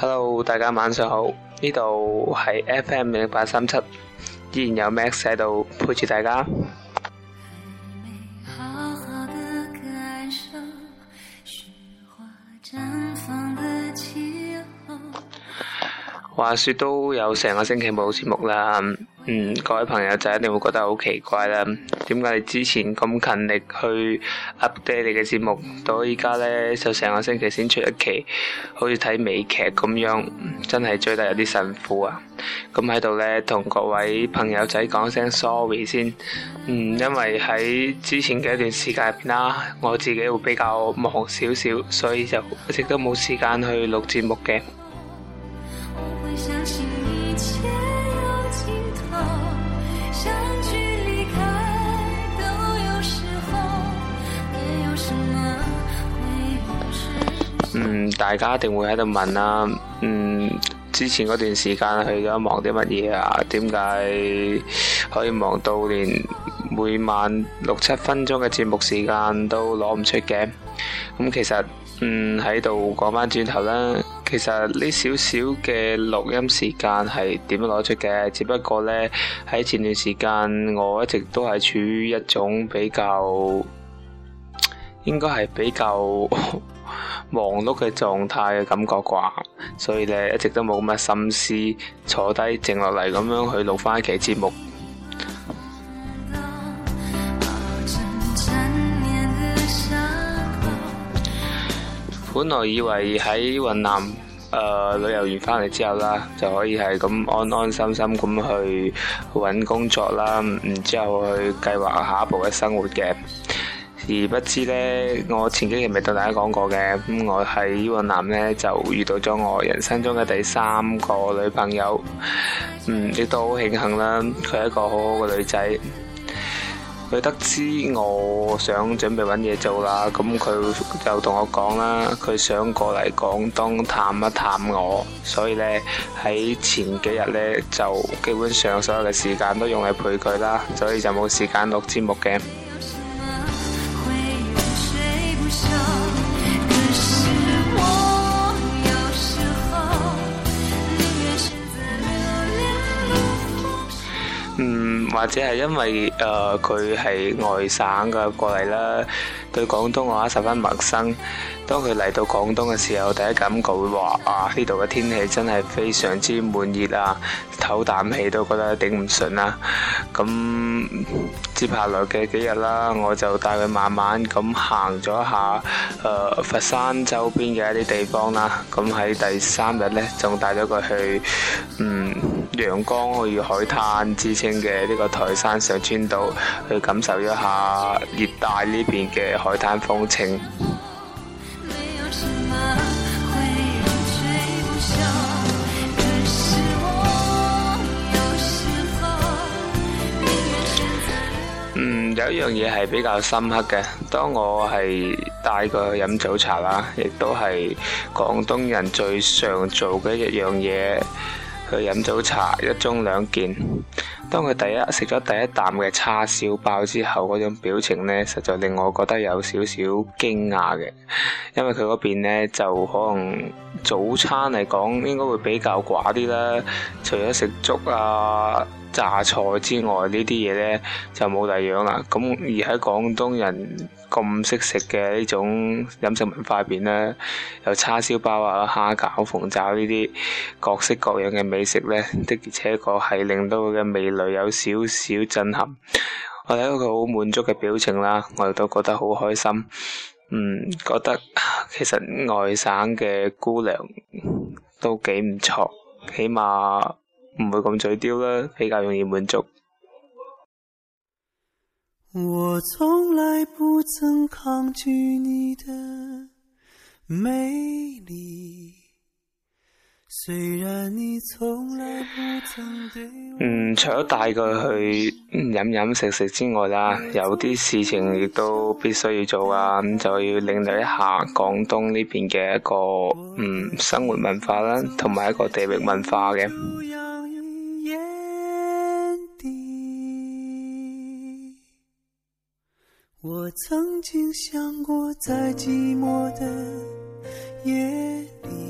Hello，大家晚上好，呢度係 FM 零八三七，依然有 Max 喺度陪住大家。 話說都有成個星期冇節目啦，嗯，各位朋友就一定會覺得好奇怪啦。點解你之前咁勤力去 update 你嘅節目，到依家咧就成個星期先出一期，好似睇美劇咁樣，真係追得有啲辛苦啊！咁喺度咧同各位朋友仔講聲 sorry 先，嗯，因為喺之前嘅一段時間入面啦，我自己會比較忙少少，所以就一直都冇時間去錄節目嘅。嗯，大家一定會喺度問啦、啊。嗯，之前嗰段時間去咗忙啲乜嘢啊？點解可以忙到連每晚六七分鐘嘅節目時間都攞唔出嘅？咁、嗯、其實，嗯，喺度講翻轉頭啦。其實呢少少嘅錄音時間係點樣攞出嘅？只不過呢，喺前段時間，我一直都係處於一種比較，應該係比較。 忙碌嘅狀態嘅感覺啩，所以咧一直都冇乜心思坐低靜落嚟咁樣去錄翻一期節目。本來以為喺雲南誒旅遊完翻嚟之後啦，就可以係咁安安心心咁去揾工作啦，然之後去計劃下一步嘅生活嘅。而不知咧，我前幾日咪同大家講過嘅，咁我喺雲南咧就遇到咗我人生中嘅第三個女朋友，嗯，亦都好慶幸啦。佢係一個好好嘅女仔。佢得知我想準備揾嘢做啦，咁佢就同我講啦，佢想過嚟廣東探一探我，所以咧喺前幾日咧就基本上所有嘅時間都用嚟陪佢啦，所以就冇時間錄節目嘅。嗯，或者係因為誒、佢、呃、係外省嘅過嚟啦。對廣東話十分陌生。當佢嚟到廣東嘅時候，第一感覺會話啊呢度嘅天氣真係非常之悶熱啊，唞啖氣都覺得頂唔順啊。咁接下來嘅幾日啦，我就帶佢慢慢咁行咗下誒、呃、佛山周邊嘅一啲地方啦。咁喺第三日呢，仲帶咗佢去嗯、陽光與海灘之稱嘅呢個台山上川島，去感受一下熱帶呢邊嘅海灘風情。嗯，有一樣嘢係比較深刻嘅，當我係帶佢去飲早茶啦，亦都係廣東人最常做嘅一樣嘢。佢飲早茶，一盅兩件。當佢第一食咗第一啖嘅叉燒包之後，嗰種表情呢，實在令我覺得有少少驚訝嘅，因為佢嗰邊呢就可能早餐嚟講應該會比較寡啲啦，除咗食粥啊、榨菜之外，呢啲嘢呢就冇第二樣啦。咁而喺廣東人咁識食嘅呢種飲食文化入邊呢，有叉燒包啊、蝦餃、鳳爪呢啲各式各樣嘅美食呢，的而且確係令到佢嘅味來有少少震撼，我睇到佢好滿足嘅表情啦，我亦都覺得好開心。嗯，覺得其實外省嘅姑娘都幾唔錯，起碼唔會咁嘴刁啦，比較容易滿足。我從來不曾抗拒你的美麗。嗯，除咗帶佢去飲飲食食之外啦，有啲事情亦都必須要做啊，咁就要領略一下廣東呢邊嘅一個嗯生活文化啦，同埋一個地域文化嘅。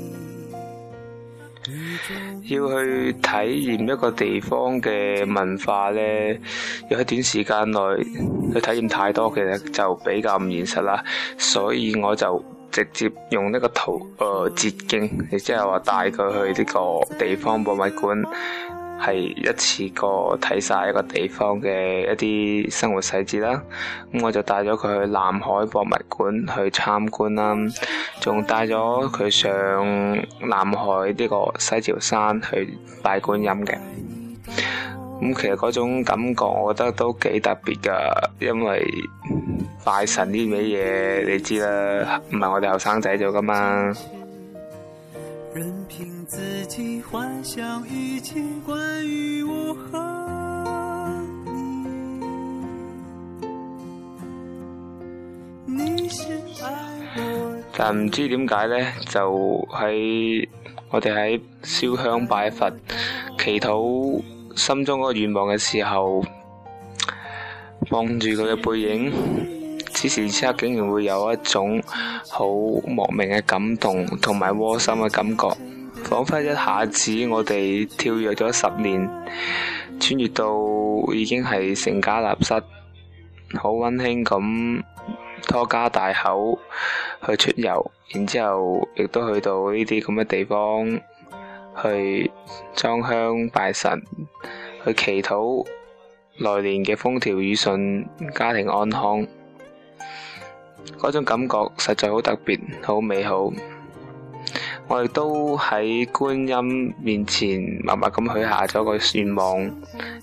要去體驗一個地方嘅文化呢，要喺短時間內去體驗太多，其實就比較唔現實啦。所以我就直接用呢個圖誒、呃、捷徑，亦即係話帶佢去呢個地方博物館。係一次過睇晒一個地方嘅一啲生活細節啦，咁我就帶咗佢去南海博物館去參觀啦，仲帶咗佢上南海呢個西樵山去拜觀音嘅。咁其實嗰種感覺，我覺得都幾特別㗎，因為拜神呢咩嘢，你知啦，唔係我哋後生仔做㗎嘛。但唔知點解呢，就喺我哋喺燒香拜佛，祈禱心中嗰個願望嘅時候，望住佢嘅背影，此時此刻竟然會有一種好莫名嘅感動，同埋窩心嘅感覺。仿佛一下子我哋跳躍咗十年，穿越到已經係成家立室，好溫馨咁拖家帶口去出遊，然之後亦都去到呢啲咁嘅地方去裝香拜神，去祈禱來年嘅風調雨順、家庭安康。嗰種感覺實在好特別，好美好。我哋都喺觀音面前默默咁許下咗個願望，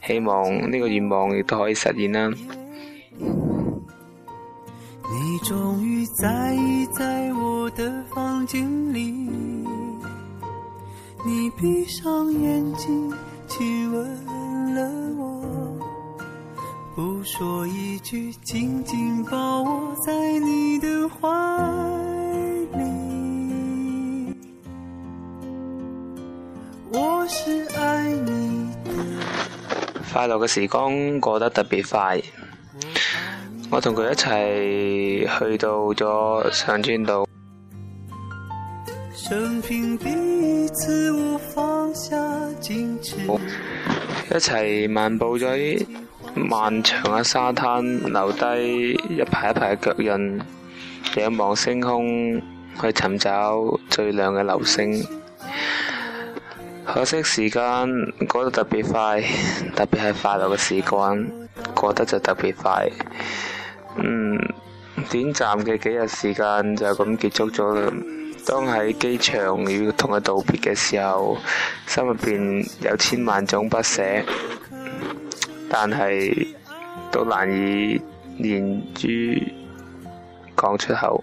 希望呢個願望亦都可以實現啦。你終於在意在我的房間裏，你閉上眼睛，親吻了我，不說一句。 快樂嘅時光過得特別快，我同佢一齊去到咗上川島， 一齊漫步咗漫長嘅沙灘，留低一排一排嘅腳印，仰望星空，去尋找最亮嘅流星。可惜時間過得特別快，特別係快樂嘅時間過得就特別快。嗯，短暫嘅幾日時間就咁結束咗。當喺機場要同佢道別嘅時候，心入邊有千萬種不捨，但係都難以言諸講出口。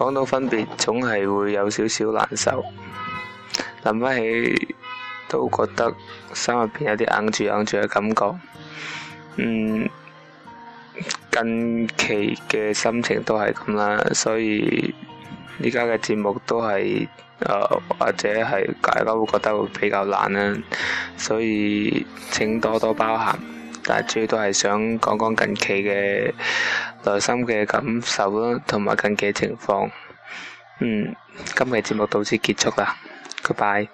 講到分別，總係會有少少難受，諗返起都覺得心入邊有啲哽住哽住嘅感覺。嗯，近期嘅心情都係咁啦，所以依家嘅節目都係誒、呃、或者係大家會覺得會比較懶啦，所以請多多包涵。但係主要都係想講講近期嘅。內心嘅感受咯，同埋近期情況。嗯，今期節目到此結束啦，Goodbye。